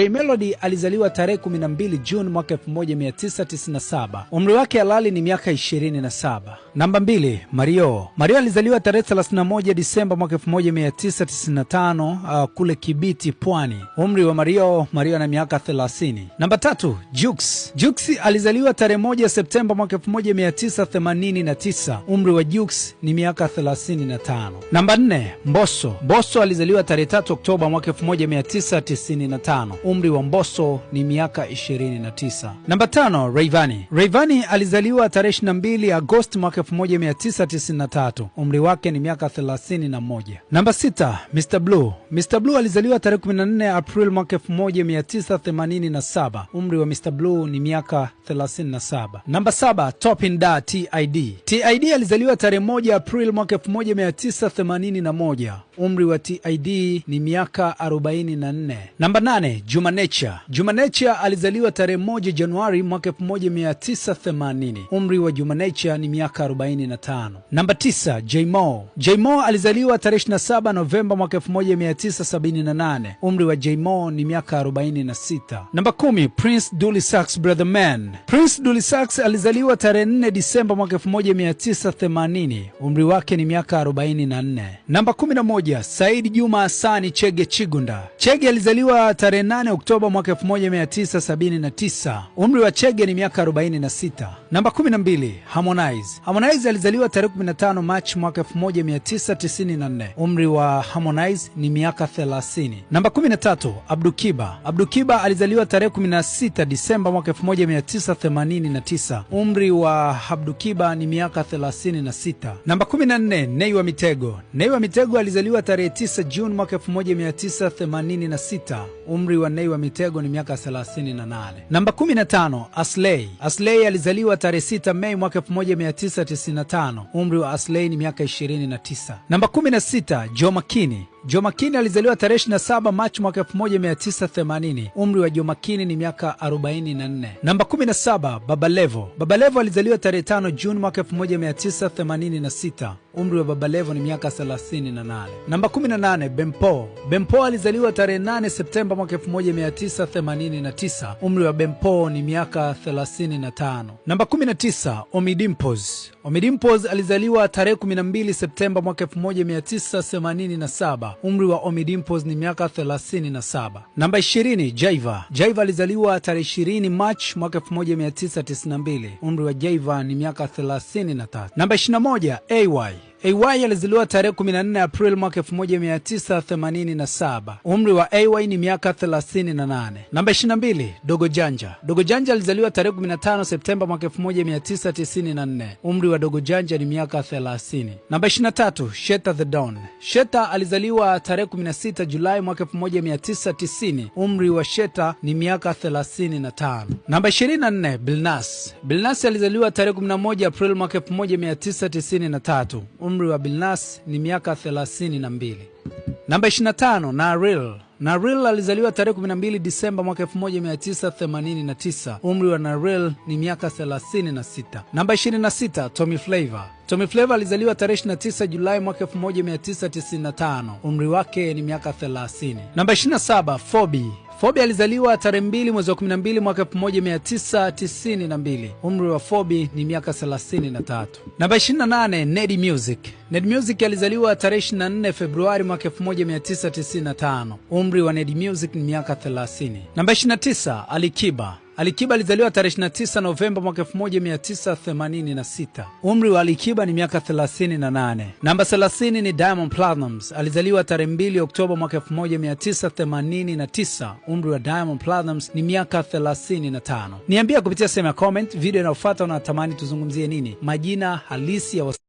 Jay Melody alizaliwa tarehe 12 Juni mwaka 1997. Umri wake halali ni miaka 27. Namba 2, Mario. Mario alizaliwa tarehe 31 Disemba mwaka 1995 uh, kule Kibiti, Pwani. Umri wa Mario, Mario ana miaka 30. Namba 3, Jux. Jux alizaliwa tarehe moja Septemba mwaka 1989. Umri wa Jux ni miaka 35. Namba 4, Mbosso. Mbosso alizaliwa tarehe 3 Oktoba mwaka 1995 umri wa mboso ni miaka 29. Namba tano, reivani reivani alizaliwa tarehe 22 Agosti mwaka 1993. Umri wake ni miaka 31. Namba sita, Mr Blue. Mr Blue alizaliwa tarehe 14 April mwaka 1987. Umri wa Mr Blue ni miaka 37. Namba saba, Topin Da TID. TID alizaliwa tarehe moja April mwaka 1981. Umri wa TID ni miaka 44. Namba nane, Juma Nature. Juma alizaliwa tarehe moja Januari mwaka 1980. Umri wa Juma ni miaka 45. Namba 9, Jaymo. Jaymo alizaliwa tarehe 27 Novemba mwaka 1978. Umri wa Jaymo ni miaka 46. Namba 10, Prince Dully Sax Brother Man. Prince Dully Sax alizaliwa tarehe 4 Disemba mwaka 1980. Umri wake ni miaka 44. Namba 11, Said Juma Hasani Chege Chigunda. Chege alizaliwa tarehe 8 28 Oktoba mwaka 1979. Umri wa Chege ni miaka 46. Namba 12 Harmonize. Harmonize alizaliwa tarehe 15 Machi mwaka 1994. Umri wa Harmonize ni miaka 30. Namba 13 Abdukiba. Abdukiba alizaliwa tarehe 16 Disemba mwaka 1989. Umri wa Abdukiba ni miaka 36. Namba 14 Nei wa Mitego. Nei wa Mitego alizaliwa tarehe 9 Juni mwaka 1986. Umri wa Mtanei wa mitego ni miaka 38. Namba 15, Aslei. Aslei alizaliwa tarehe 6 Mei mwaka 1995. Umri wa Aslei ni miaka 29. Namba 16, Joe Makini. Jomo Makini alizaliwa tarehe 27 Machi mwaka 1980. Umri wa Jomo Makini ni miaka 44. Namba 17, Baba Levo. Baba Levo alizaliwa tarehe 5 Juni mwaka 1986. Umri wa Baba Levo ni miaka 38. Namba 18, Bempo. Bempo alizaliwa tarehe 8 Septemba mwaka 1989. Umri wa Bempo ni miaka 35. Namba 19, Omidimpos. Omidimpos alizaliwa tarehe 12 Septemba mwaka 1987 umri wa omidimpos ni miaka 37. Namba 20, jaiva Jaiva alizaliwa tarehe 20 March mwaka 1992. Umri wa jaiva ni miaka 33. Namba 21, AY. AY alizaliwa tarehe 14 Aprili mwaka 1987. Umri wa AY ni miaka 38. Namba 22, Dogo Janja. Dogo Janja alizaliwa tarehe 15 Septemba mwaka 1994. Umri wa Dogo Janja ni miaka 30. Namba 23, Sheta the Don. Sheta alizaliwa tarehe 16 Julai mwaka 1990. Umri wa Sheta ni miaka 35. Namba 24, Bilnas. Bilnas alizaliwa tarehe 11 Aprili mwaka 1993 umri wa Bilnas ni miaka 32. Namba 25, naril naril alizaliwa tarehe 12 Disemba mwaka 1989. Umri wa naril ni miaka 36. Namba 26, Tommy Flavor. Tommy Flavor alizaliwa tarehe 29 Julai mwaka 1995. Umri wake ni miaka 30. Namba 27, Fobi. Fobi alizaliwa tarehe 2 mwezi wa mbili mwaka mbili. Umri wa Fobi ni miaka tatu. Namba 28, Ned Music. Ned Music alizaliwa tarehe 24 Februari mwaka 1995. Umri wa Ned Music ni miaka thelathini. Namba 29, Alikiba. Alikiba alizaliwa tarehe 29 Novemba mwaka 1986. Umri wa Alikiba ni miaka 38. Namba 30 ni Diamond Platnumz. Alizaliwa tarehe 2 Oktoba mwaka 1989. Umri wa Diamond Platnumz ni miaka 35. Niambia kupitia sehemu ya comment video inayofuata unatamani tuzungumzie nini, majina halisi ya